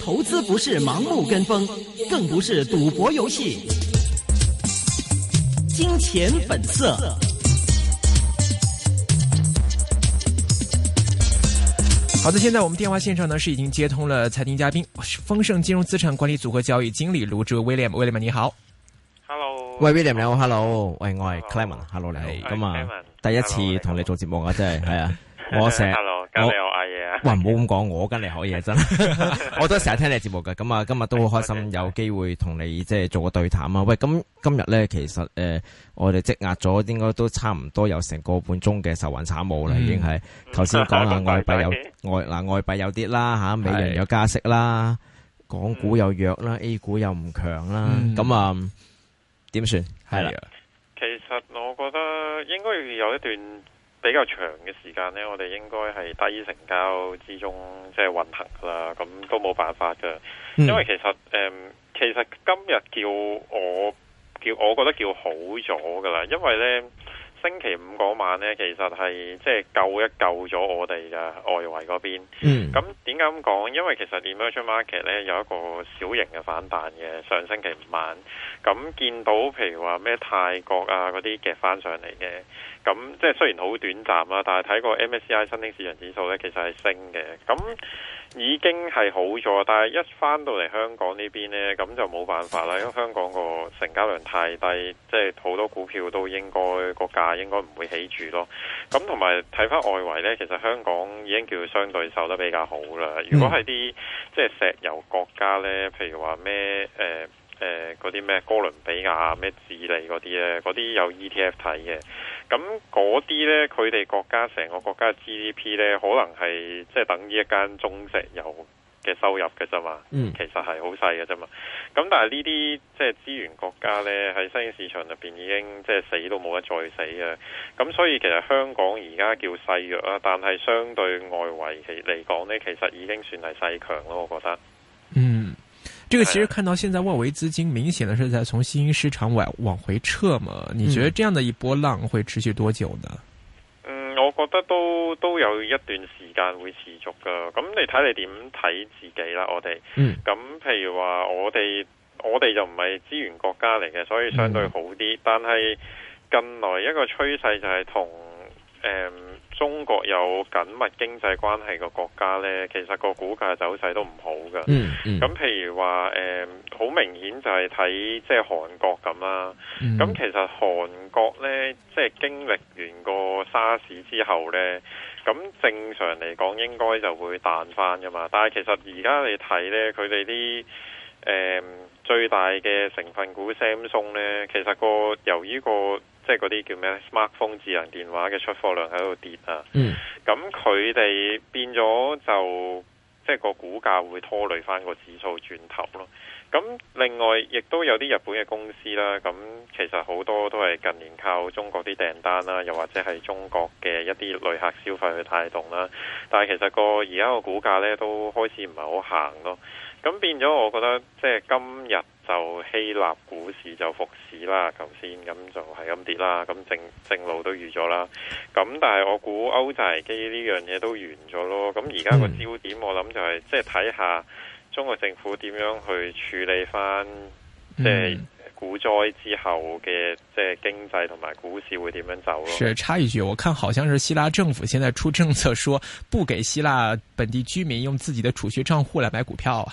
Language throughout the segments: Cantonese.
投資不是盲目跟風，更不是賭博遊戲。金錢本色。好的，現在我們電話線上呢是已經接通了財經嘉賓，豐盛金融資產管理組合交易經理盧志威廉，威廉你好。Hello。喂，威廉你好，Hello。喂，我係 Clayman，Hello 你。咁啊，第一次同你做節目啊，真係，係啊。我成日 Hello, 我你話喂，唔好咁講，我跟你好嘢真， 我都成日聽你節目嘅，咁啊，今日都好開心，有機會同你即係做個對談啊！喂，咁今日咧，其實誒、呃，我哋積壓咗，應該都差唔多有成個半鐘嘅受運慘霧啦，已經係頭先講下外幣有外嗱外幣有啲啦吓，美元有加息啦，港股又弱啦，嗯、A 股又唔強啦，咁啊點算係啦？其實我覺得應該有一段。比較長嘅時間呢，我哋應該係低成交之中即係運行啦，咁都冇辦法噶。因為其實誒、呃，其實今日叫我叫我覺得叫好咗噶啦，因為呢。星期五嗰晚呢，其實係即係救一救咗我哋嘅外圍嗰邊。咁點解咁講？因為其實 emerging market 呢有一個小型嘅反彈嘅上星期五晚，咁見到譬如話咩泰國啊嗰啲嘅翻上嚟嘅，咁即係雖然好短暫啦，但係睇過 MSCI 新興市場指數呢，其實係升嘅。咁已經係好咗，但係一翻到嚟，香港呢邊呢，咁就冇辦法啦，因為香港個成交量太低，即係好多股票都應該個價應該唔會起住咯。咁同埋睇翻外圍呢，其實香港已經叫相對受得比較好啦。如果係啲即係石油國家呢，譬如話咩誒誒嗰啲咩哥倫比亞咩智利嗰啲呢，嗰啲有 ETF 睇嘅。咁嗰啲呢，佢哋國家成個國家 GDP 呢，可能係即係等於一間中石油嘅收入嘅啫嘛。其實係好細嘅啫嘛。咁但係呢啲即係資源國家呢，喺新興市場入邊已經即係、就是、死都冇得再死啊。咁所以其實香港而家叫細弱啊，但係相對外圍嚟講呢，其實已經算係細強咯，我覺得。這個其實看到現在外圍資金明顯的是在從新興市場往往回撤嘛，嗯、你覺得這樣的一波浪會持續多久呢？嗯，我覺得都都有一段時間會持續噶，咁你睇你點睇自己啦，我哋，嗯，咁譬如話我哋我哋就唔係資源國家嚟嘅，所以相對好啲，嗯、但係近來一個趨勢就係同。誒，嗯嗯、中國有緊密經濟關係嘅國家呢，其實個股價走勢都唔好噶、嗯。嗯，咁譬如話誒，好、嗯、明顯就係睇即係韓國咁啦。咁、嗯、其實韓國呢，即係經歷完個沙士之後呢，咁正常嚟講應該就會彈翻噶嘛。但係其實而家你睇呢，佢哋啲誒。嗯最大嘅成分股 Samsung 呢，其實個由於、這個即係嗰啲叫咩 smartphone 智能電話嘅出貨量喺度跌啊，咁佢哋變咗就即係個股價會拖累翻個指數轉頭咯。咁另外亦都有啲日本嘅公司啦，咁其實好多都係近年靠中國啲訂單啦，又或者係中國嘅一啲旅客消費去帶動啦。但係其實個而家個股價咧都開始唔係好行咯。咁變咗，我覺得即係今日就希臘股市就復市啦。頭先咁就係咁跌啦，咁正正路都預咗啦。咁但係我估歐債危機呢樣嘢都完咗咯。咁而家個焦點我諗就係、是、即係睇下。中國政府點樣去處理翻即係股災之後嘅即係經濟同埋股市會點樣走咯？需插、嗯、一句，我看好像是希臘政府現在出政策，說不給希臘本地居民用自己的儲蓄賬戶來買股票啊。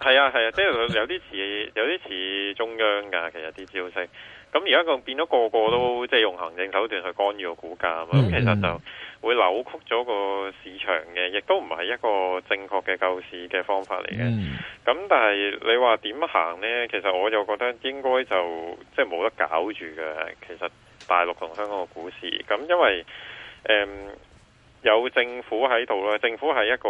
係啊係啊，即係有啲似有啲似中央噶，其實啲消息咁而家個變咗個個都即係用行政手段去干預個股價啊嘛。咁其實就。嗯嗯會扭曲咗個市場嘅，亦都唔係一個正確嘅救市嘅方法嚟嘅。咁、mm hmm. 嗯、但係你話點行呢？其實我就覺得應該就即係冇得搞住嘅。其實大陸同香港嘅股市，咁、嗯、因為誒、嗯、有政府喺度啦，政府係一個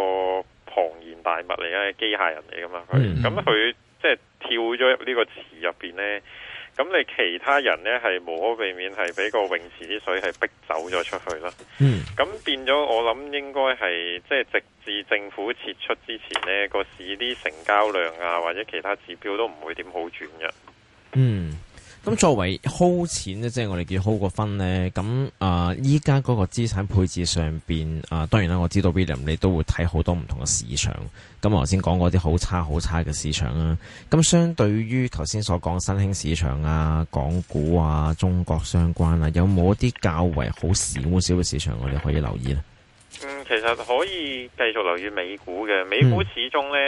龐然大物嚟嘅，機械人嚟噶嘛。咁佢即係跳咗入呢個池入邊呢。咁你其他人呢，係無可避免係俾個泳池啲水係逼走咗出去啦。嗯、mm.，咁變咗我諗應該係即係直至政府撤出之前呢，個市啲成交量啊或者其他指標都唔會點好轉嘅。嗯。Mm. 咁作為 hold 錢呢，即係我哋叫 hold 個 fund 呢。咁啊，依家嗰個資產配置上邊啊，當然啦，我知道 William 你都會睇好多唔同嘅市場。咁我頭先講過啲好差好差嘅市場啦。咁相對於頭先所講新興市場啊、港股啊、中國相關啊，有冇一啲較為好少少嘅市場我哋可以留意呢？嗯，其實可以繼續留意美股嘅，美股始終呢，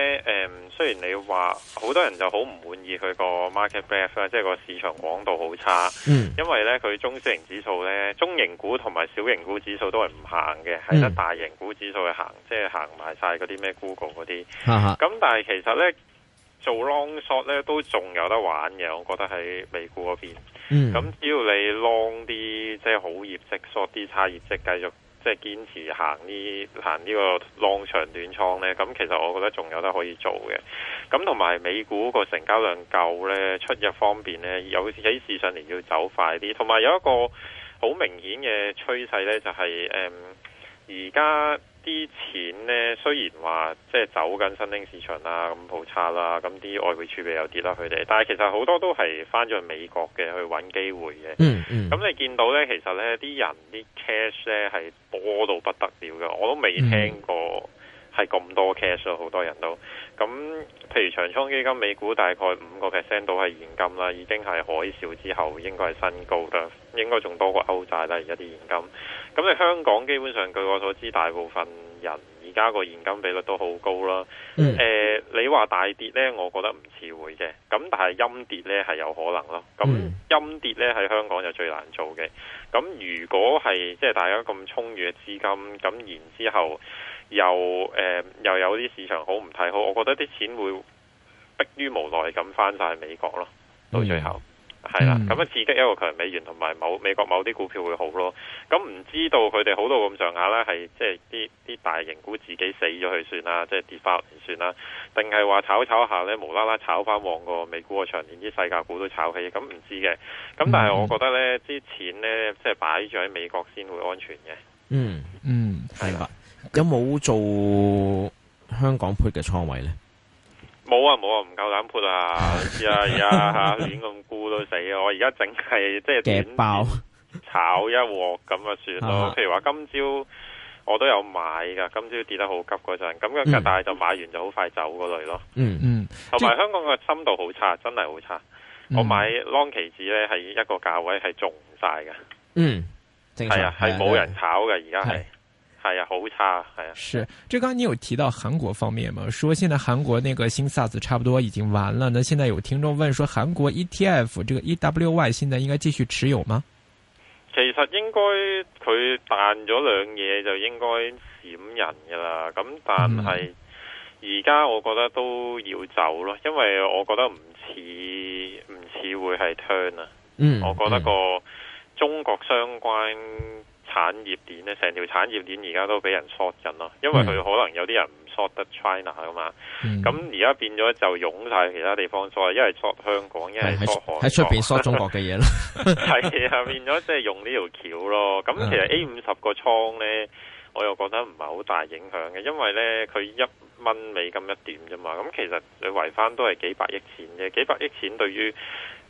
誒，雖然你話好多人就好唔滿意佢個 market breadth，即係個市場廣度好差，因為呢，佢中小型指數呢，中型股同埋小型股指數都係唔行嘅，係得大型股指數去行，即係行埋晒嗰啲咩 Google 嗰啲，咁但係其實呢，做 long short 呢都仲有得玩嘅，我覺得喺美股嗰邊，咁只要你 long 啲即係好業績，short 啲差業績，繼續。即係堅持行呢行呢個浪長短倉呢，咁其實我覺得仲有得可以做嘅。咁同埋美股個成交量夠呢，出入方便呢，有喺市上年要走快啲。同埋有一個好明顯嘅趨勢呢，就係誒而家。嗯啲錢咧，雖然話即係走緊新興市場啦，咁好差啦，咁啲、嗯、外匯儲備又跌啦，佢哋，但係其實好多都係翻咗去美國嘅去揾機會嘅。嗯嗯、mm，咁、hmm. 你見到咧，其實咧啲人啲 cash 咧係多到不得了嘅，我都未聽過係咁多 cash 啊，好多人都。咁譬如長倉基金美股大概五個 percent 到係現金啦，已經係海嘯之後應該係新高㗎啦，應該仲多過歐債啦，而家啲現金。咁你香港基本上據我所知，大部分人而家個現金比率都好高啦。誒、mm. 呃，你話大跌呢，我覺得唔似會嘅。咁但係陰跌呢係有可能咯。咁陰跌呢喺香港就最難做嘅。咁如果係即係大家咁充裕嘅資金，咁然之後。又誒、呃、又有啲市場好唔太好，我覺得啲錢會迫於無奈咁翻曬美國咯，到最後係啦，咁啊刺激一個強美元同埋某美國某啲股票會好咯。咁唔知道佢哋好到咁上下啦，係即係啲啲大型股自己死咗去算啦，即係跌翻算啦，定係話炒炒一下呢，無啦啦炒翻旺個美股嘅場，連啲世界股都炒起，咁唔知嘅。咁但係我覺得呢啲錢、嗯、呢，即係擺咗喺美國先會安全嘅、嗯。嗯嗯，係啦。有冇做香港配嘅倉位咧？冇啊冇啊，唔夠膽潑啊！知啊而家吓亂咁估都死啊！ 我而家整係即係點炒炒一鍋咁啊算咯。譬如話今朝我都有買噶，今朝跌得好急嗰陣，咁樣但係就買完就好快走嗰類咯。嗯嗯，同埋香港嘅深度好差，真係好差。嗯、我買 Long 期指咧係一個價位係中晒嘅。嗯，正係啊，係冇人炒嘅而家係。係啊，好差係啊。是，這剛剛你有提到韓國方面嘛？說現在韓國那個新 SARS 差不多已經完了。那現在有聽眾問說，韓國 ETF 這個 EWY 現在應該繼續持有嗎？其實應該佢彈咗兩嘢就應該閃人㗎喇。咁但係而家我覺得都要走咯，因為我覺得唔似唔似會係 turn 啊。嗯，我覺得個中國相關。產業鏈咧，成條產業鏈而家都俾人 short 緊咯，因為佢可能有啲人唔 short 得 China 啊嘛，咁而家變咗就湧晒其他地方 short，一係 short 香港，一係喺出邊 short 中國嘅嘢 咯，係啊，變咗即係用呢條橋咯。咁其實 A 五十個倉呢，我又覺得唔係好大影響嘅，因為呢，佢一蚊美金一點啫嘛，咁其實你維翻都係幾百億錢啫，幾百億錢對於。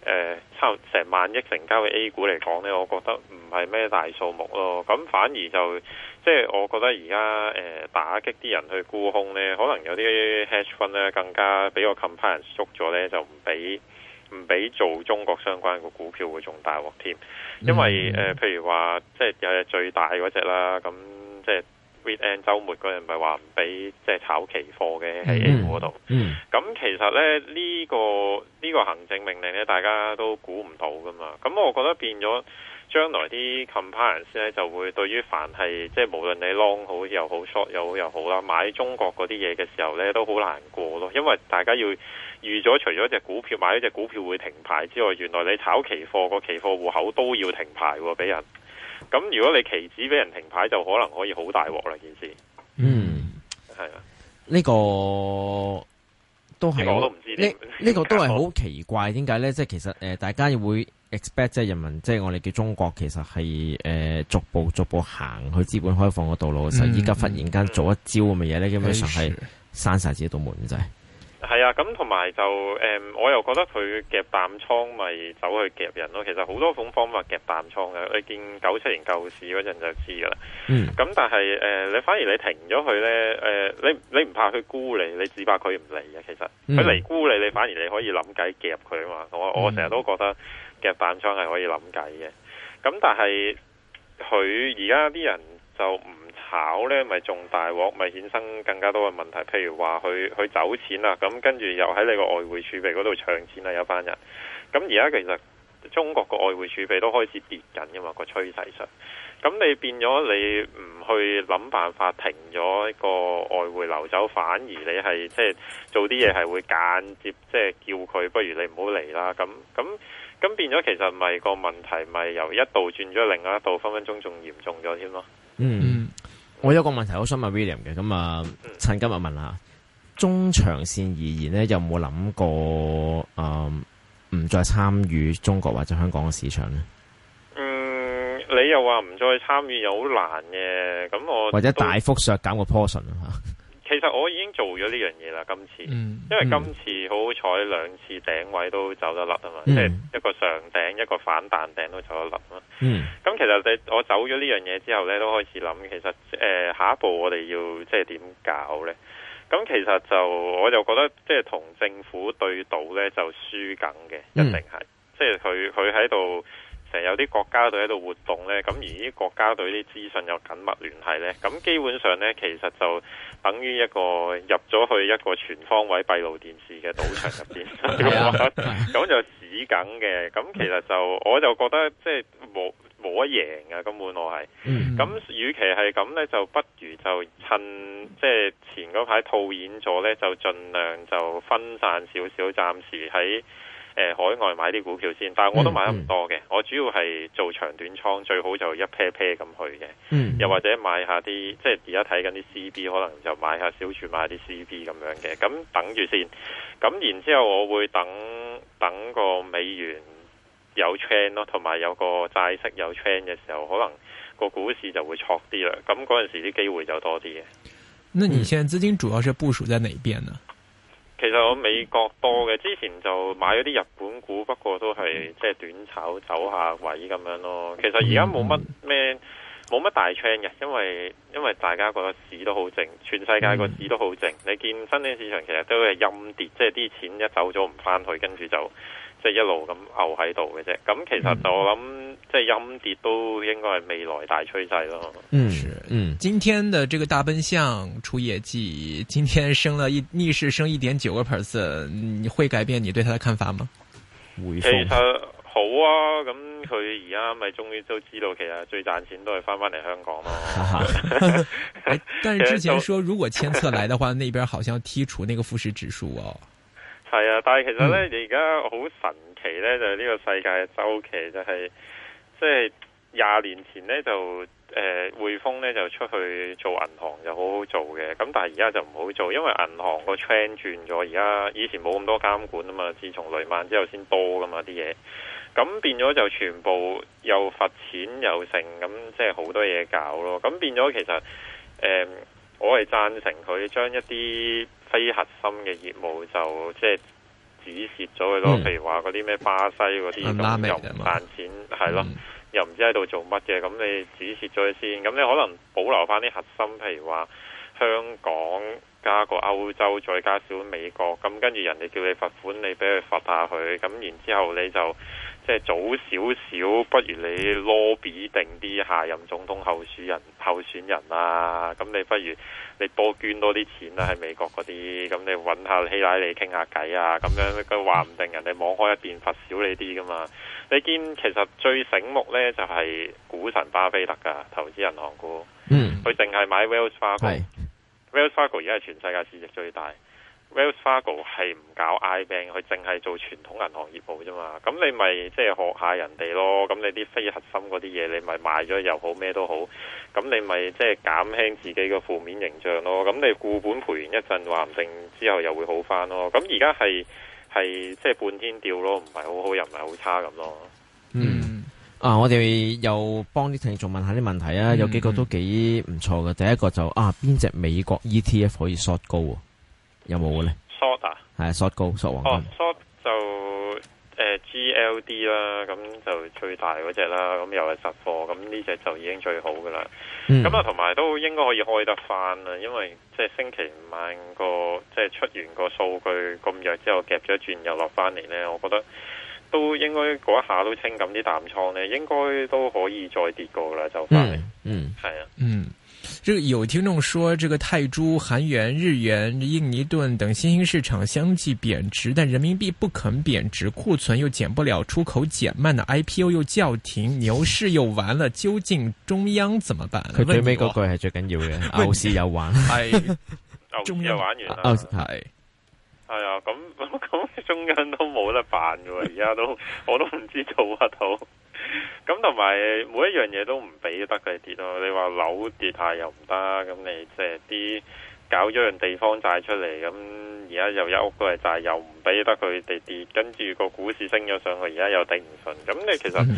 誒差成萬億成交嘅 A 股嚟講呢，我覺得唔係咩大數目咯。咁反而就即係我覺得而家誒打擊啲人去沽空呢，可能有啲 hedge fund 呢更加俾個 company 捉咗呢，就唔俾唔俾做中國相關嘅股票會仲大鑊添。嗯、因為誒、呃嗯、譬如話即係有最大嗰隻啦，咁即係。周末嗰日咪話唔俾，即係炒期貨嘅喺 A 股度，咁、mm, mm. 其實咧呢、呢個呢、呢個行政命令咧，大家都估唔到噶嘛。咁我覺得變咗將來啲 comparers 咧就會對於凡係即係無論你 long 好又好 short 又好又好啦，買中國嗰啲嘢嘅時候咧都好難過咯，因為大家要預咗除咗隻股票買咗隻股票會停牌之外，原來你炒期貨個期貨戶口都要停牌喎，俾人。咁如果你期指俾人停牌，就可能可以好大鑊啦！件事，嗯，係啊，呢個都係我都唔知呢，呢個都係好奇怪，點解呢？即係其實誒、呃，大家會 expect 即係人民，即係我哋叫中國，其實係誒、呃、逐步逐步行去資本開放嘅道路嘅時候，依家、嗯、忽然間做一招咁嘅嘢咧，基本上係閂晒自己道門就係。係啊，咁同埋就誒、嗯，我又覺得佢夾淡倉咪走去夾人咯。其實好多種方法夾淡倉嘅，你見九七年救市嗰陣就知噶啦。嗯，咁但係誒，你、呃、反而你停咗佢呢，誒、呃，你你唔怕佢沽你，你只怕佢唔嚟啊。其實佢嚟沽你，你反而你可以諗計夾佢啊嘛。我、嗯、我成日都覺得夾淡倉係可以諗計嘅。咁但係佢而家啲人。就唔炒呢咪仲大鑊，咪衍生更加多嘅問題。譬如話佢佢走錢啦，咁跟住又喺你個外匯儲備嗰度搶錢啊！有班人，咁而家其實中國個外匯儲備都開始跌緊噶嘛，個趨勢上。咁你變咗你唔去諗辦法停咗個外匯流走，反而你係即係做啲嘢係會間接即係、就是、叫佢不如你唔好嚟啦。咁咁咁變咗，其實咪個問題咪由一度轉咗另外一度，分分鐘仲嚴重咗添咯。嗯，我有個問題，好想問 William 嘅，咁、嗯、啊，趁今日問下，中長線而言呢，有冇諗過啊，唔、呃、再參與中國或者香港嘅市場呢？嗯，你又話唔再參與又好難嘅，咁我或者大幅削減個 portion 啊都。 其實我已經做咗呢樣嘢啦，今次，嗯、因為今次好好彩，兩、嗯、次頂位都走得甩啊嘛，即係、嗯、一個上頂，一個反彈頂都走得甩啊嘛。咁、嗯、其實我走咗呢樣嘢之後呢，都開始諗，其實誒、呃、下一步我哋要即係點搞呢？咁其實就我就覺得即係同政府對賭呢就輸緊嘅，一定係，嗯、即係佢佢喺度。成日有啲國家隊喺度活動呢。咁而啲國家隊啲資訊又緊密聯繫呢，咁基本上呢，其實就等於一個入咗去一個全方位閉路電視嘅賭場入邊，咁 就屎梗嘅。咁其實就我就覺得即係冇冇得贏啊，根本我係。咁與其係咁呢，就不如就趁即係前嗰排套現咗呢，就盡量就分散少少，暫時喺，誒、呃、海外買啲股票先，但係我都買得唔多嘅。嗯、我主要係做長短倉，嗯、最好就一 pair pair 咁去嘅。嗯、又或者買下啲即係而家睇緊啲 CB，可能就買下小處買下啲 CB 咁樣嘅。咁等住先。咁然之後，我會等等個美元有 change 咯，同埋有個債息有 change 嘅時候，可能個股市就會錯啲啦。咁嗰陣時啲機會就多啲嘅。那你現在資金主要是部署在哪一邊呢？嗯其實我美國多嘅，之前就買咗啲日本股，不過都係即係短炒走下位咁樣咯。其實而家冇乜咩，冇乜大 chance 嘅，因為因為大家個市都好靜，全世界個市都好靜。你見新興市場其實都係陰跌，即係啲錢一走咗唔翻去，跟住就即係一路咁牛喺度嘅啫。咁其實就我諗。即係陰跌都應該係未來大趨勢咯。嗯，嗯，今天的這個大笨象出業績，今天升了一逆市升一點九個 percent，你會改變你對他的看法嗎？其實、嗯、好啊，咁佢而家咪終於都知道，其實最賺錢都係翻翻嚟香港咯。 但係之前說如果遷冊來的話， 那邊好像剔除那個富時指數哦。係啊，但係其實咧而家好神奇咧，就呢、是、個世界嘅週期就係、是。即係廿年前呢，就誒、呃，匯豐咧就出去做銀行就好好做嘅，咁但係而家就唔好做，因為銀行個 trend 轉咗，而家以前冇咁多監管啊嘛，自從雷曼之後先多噶嘛啲嘢，咁變咗就全部又罰錢又剩，咁即係好多嘢搞咯，咁變咗其實誒、呃，我係贊成佢將一啲非核心嘅業務就即係。就是止蝕咗佢咯，譬如話嗰啲咩巴西嗰啲咁又唔賺錢，係咯、嗯，了又唔知喺度做乜嘅，咁你止蝕咗佢先，咁你可能保留翻啲核心，譬如話香港加個歐洲再加少美國，咁跟住人哋叫你罰款，你俾佢罰下佢，咁然之後你就。即係早少少，不如你 lobby 定啲下任總統候選人候選人啊！咁你不如你多捐多啲錢啦、啊，喺美國嗰啲，咁你揾下希拉里傾下偈啊！咁樣佢話唔定人哋網開一面，罰少你啲噶嘛？你見其實最醒目呢，就係、是、股神巴菲特噶，投資銀行股，嗯，佢淨係買 Wells Fargo，Wells 是 Fargo 而家係全世界市值最大。Wells Fargo 係唔搞 I Bank，佢淨係做傳統銀行業務啫嘛。咁你咪即係學下人哋咯。咁你啲非核心嗰啲嘢，你咪賣咗又好咩都好。咁你咪即係減輕自己個負面形象咯。咁你固本培元一陣，話唔定之後又會好返咯。咁而家係係即係半天吊咯，唔係好好又唔係好差咁咯。嗯啊，我哋又幫啲聽眾問一下啲問題啊，有幾個都幾唔錯噶。嗯、第一個就啊，邊隻美國 ETF 可以 short 高？有冇咧 short 啊，係 short 高，高 short short 就誒、呃、G L D 啦，咁就最大嗰隻啦。咁又係實貨，咁呢隻就已經最好噶啦。咁啊、嗯，同埋都應該可以開得翻啦，因為即係星期五晚個即係出完個數據咁弱之後，夾咗一轉又落翻嚟咧，我覺得都應該嗰一下都清咁啲淡倉咧，應該都可以再跌過啦，就返嚟嗯嗯係啊嗯。嗯這有聽眾說，這個泰銖、韓元、日元、印尼盾等新興市場相繼貶值，但人民幣不肯貶值，庫存又減不了，出口減慢，呢 IPO 又叫停，牛市又完了，究竟中央怎麼辦？佢最尾嗰句係最緊要嘅，牛市 又玩，係， 中央玩完啦，係，係啊，咁咁、哎、中央都冇得辦嘅，而家都我都唔知道做乜套。咁同埋每一樣嘢都唔俾得佢跌咯，你話樓跌下又唔得，咁你即係啲搞咗樣地方債出嚟，咁而家又有一屋佢嘅債又唔俾得佢哋跌，跟住個股市升咗上去，而家又頂唔順，咁你其實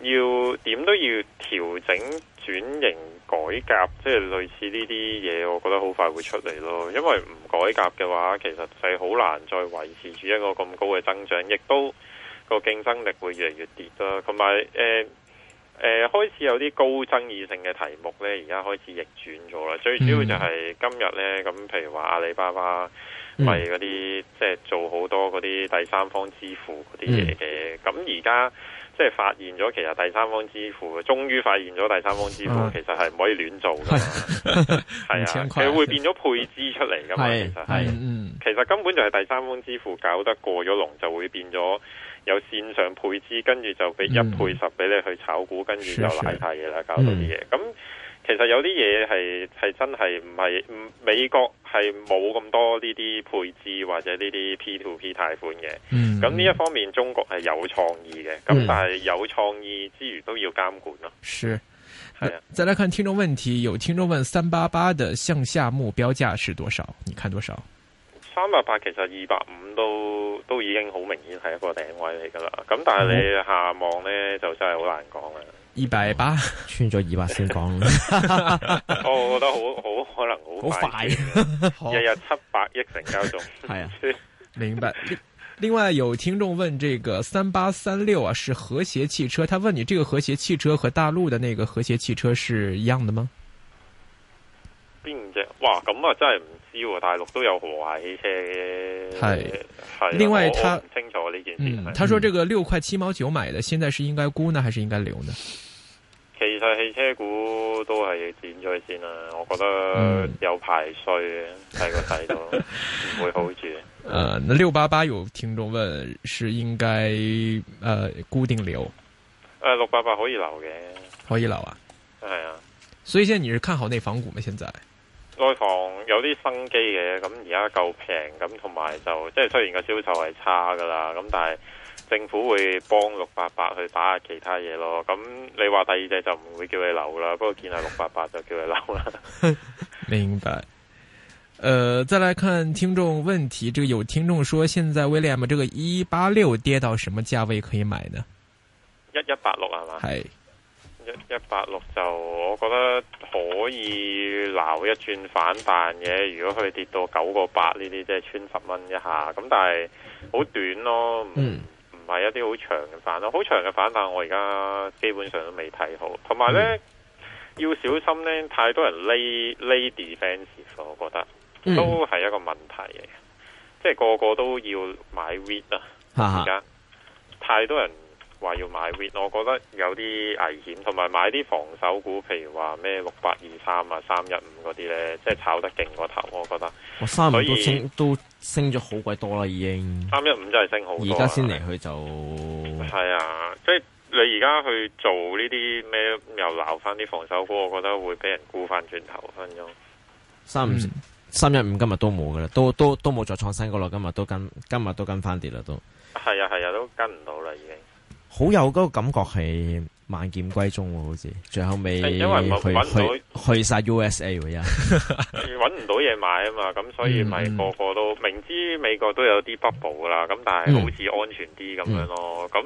要點都要調整、轉型、改革，即係類似呢啲嘢，我覺得好快會出嚟咯。因為唔改革嘅話，其實係好難再維持住一個咁高嘅增長，亦都。個競爭力會越嚟越跌啦，同埋誒誒開始有啲高爭議性嘅題目咧，而家開始逆轉咗啦。最主要就係今日咧，咁譬如話阿里巴巴為嗰啲即係做好多嗰啲第三方支付嗰啲嘢嘅，咁而家即係發現咗，其實第三方支付終於發現咗，第三方支付其實係唔可以亂做噶。係啊，佢會變咗配資出嚟噶嘛，其實係，其實根本就係第三方支付搞得過咗龍，就會變咗。有線上配置，跟住就俾一配十俾你去炒股，跟住就貸晒嘢啦，是是搞到啲嘢。咁、嗯嗯、其實有啲嘢係係真係唔係美國係冇咁多呢啲配置或者呢啲 P to P 貸款嘅。咁呢、嗯、一方面中國係有創意嘅，咁、嗯、但係有創意之餘都要監管咯。係，係啊，再來看聽眾問題，有聽眾問三八八的向下目標價是多少？你看多少？三百八其實，二百五都都已經好明顯係一個定位嚟噶啦，咁但係你下望咧就真係好難講啦。二百八穿咗二百先講。我覺得好好可能好快，日日七百億成交仲係 啊， 明白。另外有聽眾問，這個三八三六啊，是和諧汽，汽車？他問你，這個和諧汽，汽車和大陸的那個和諧汽，汽車是一樣的嗎？邊隻？哇，咁啊，真係唔～大陸都有豪華汽車嘅，係係是。啊、另外他，他唔清楚呢件事。嗯，他說這個六塊七毛九買嘅，現在是應該沽呢，還是應該留呢？其實汽車股都係跌咗先啦，我覺得有排衰，睇過睇到，唔會好住。嗯、 呃，那六八八有聽眾問，是應該呃固定留？誒、呃，六八八可以留嘅，可以留啊。係啊，所以現在你是看好內房股嗎？現在？內房有啲生機嘅，咁而家夠平，咁同埋就即係雖然個銷售係差㗎啦，咁但係政府會幫六八八去打下其他嘢咯。咁你話第二隻就唔會叫佢留啦，不過見下六八八就叫佢留啦。 明白。誒、呃，再來看聽眾問題，這個有聽眾說，現在 William 這個一八六跌到什麼價位可以買呢？一一八六係嘛？係。一一百六就，我覺得可以撈一轉反彈嘅。如果佢跌到九個八呢啲，即係穿十蚊一下。咁但係好短咯，唔唔係一啲好長嘅反彈咯。好長嘅反彈，反彈我而家基本上都未睇好。同埋咧，嗯、要小心咧，太多人 lay, lay defensive，i v 我覺得、嗯、都係一個問題嘅，即係個個都要買 REIT 啊，而家哈太多人。話要買 wit，我覺得有啲危險，同埋買啲防守股，譬如話咩六八二三啊、三一五嗰啲呢，即係炒得勁過頭，我覺得。哇、哦！三一五都升，都升咗好鬼多啦，已經。三一五真係升好。而家先嚟去就。係啊，即係你而家去做呢啲咩，又撈翻啲防守股，我覺得會俾人沽翻轉頭，分鐘。三五三一五今日都冇噶啦，都都都冇再創新高啦。今日都跟，今日都跟翻跌啦，都。係啊係啊，都跟唔到。好有嗰個感覺係萬劍歸宗喎，好似最後尾去去去晒 USA 嘅人，揾唔到嘢買啊嘛，咁所以咪個個都明知美國都有啲 bubble 啦，咁但係好似安全啲咁樣咯。咁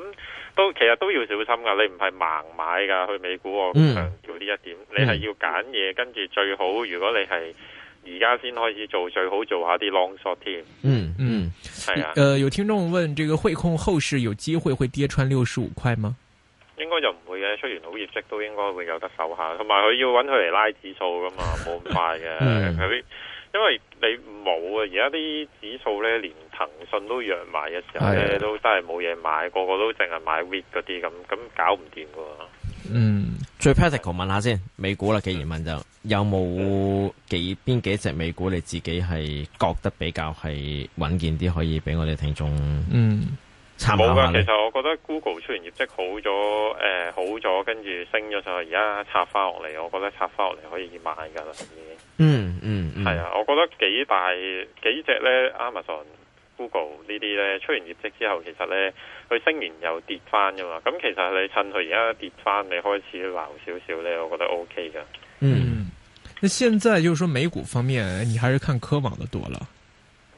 都其實都要小心噶，你唔係盲買噶去美股，我強調呢一點。你係要揀嘢，跟住最好如果你係而家先開始做，最好做下啲 long shot 添。嗯嗯。係啊，誒、嗯，有聽眾問，這個匯控後市有機會會跌穿六十五塊嗎？應該就唔會嘅，出完好業績都應該會有得守下，同埋佢要搵佢嚟拉指數噶嘛，冇咁快嘅。 嗯、因為你冇啊，而家啲指數咧連騰訊都弱埋嘅時候咧，嗯、都真係冇嘢買，個個都淨係買 whit 嗰啲咁，咁搞唔掂噶。嗯。最 practical 問下先，美股啦，既然問就有冇幾邊幾隻美股你自己係覺得比較係穩健啲，可以俾我哋聽眾參考下？嗯冇噶，其實我覺得 Google 出完業績好咗，誒好咗，跟住升咗之後，而家拆翻落嚟，我覺得拆翻落嚟可以買噶啦，已經。嗯嗯，係啊，我覺得幾大幾隻咧，Amazon。Google 呢啲咧出完業績之後，其實咧佢升完又跌翻噶嘛，咁其實你趁佢而家跌翻，你開始鬧少少咧，我覺得 O K 噶。嗯，那現在就是說美股方面，你還是看科網的多了。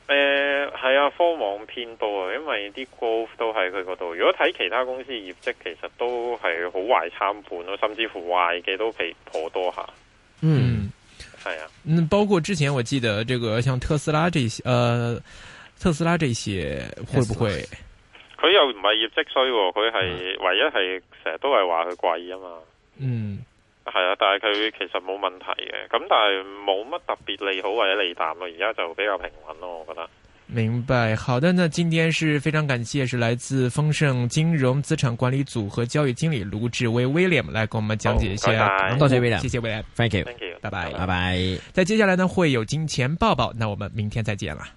誒、呃，係啊，科網偏多啊，因為啲 growth 都喺佢嗰度。如果睇其他公司業績，其實都係好壞參半咯，甚至乎壞嘅都比頗多下。嗯，係、嗯、啊。嗯，包括之前我記得，這個像特斯拉這些，誒、呃。特斯拉這些會不會？佢又唔係業績衰、啊，佢係唯一係成日都係話佢貴啊嘛。嗯，係啊，但係佢其實冇問題嘅，咁但係冇乜特別利好或者利淡咯，而家就比較平穩咯，我覺得。明白，好的，那今天是非常感謝，是來自豐盛金融資產管理組合交易經理盧志威 William 來跟我們講解一下。多、哦、謝，謝，謝，謝 William，謝謝 William，Thank you，Thank you，拜拜，拜拜。在接下來呢，會有金錢爆爆，那我們明天再見啦。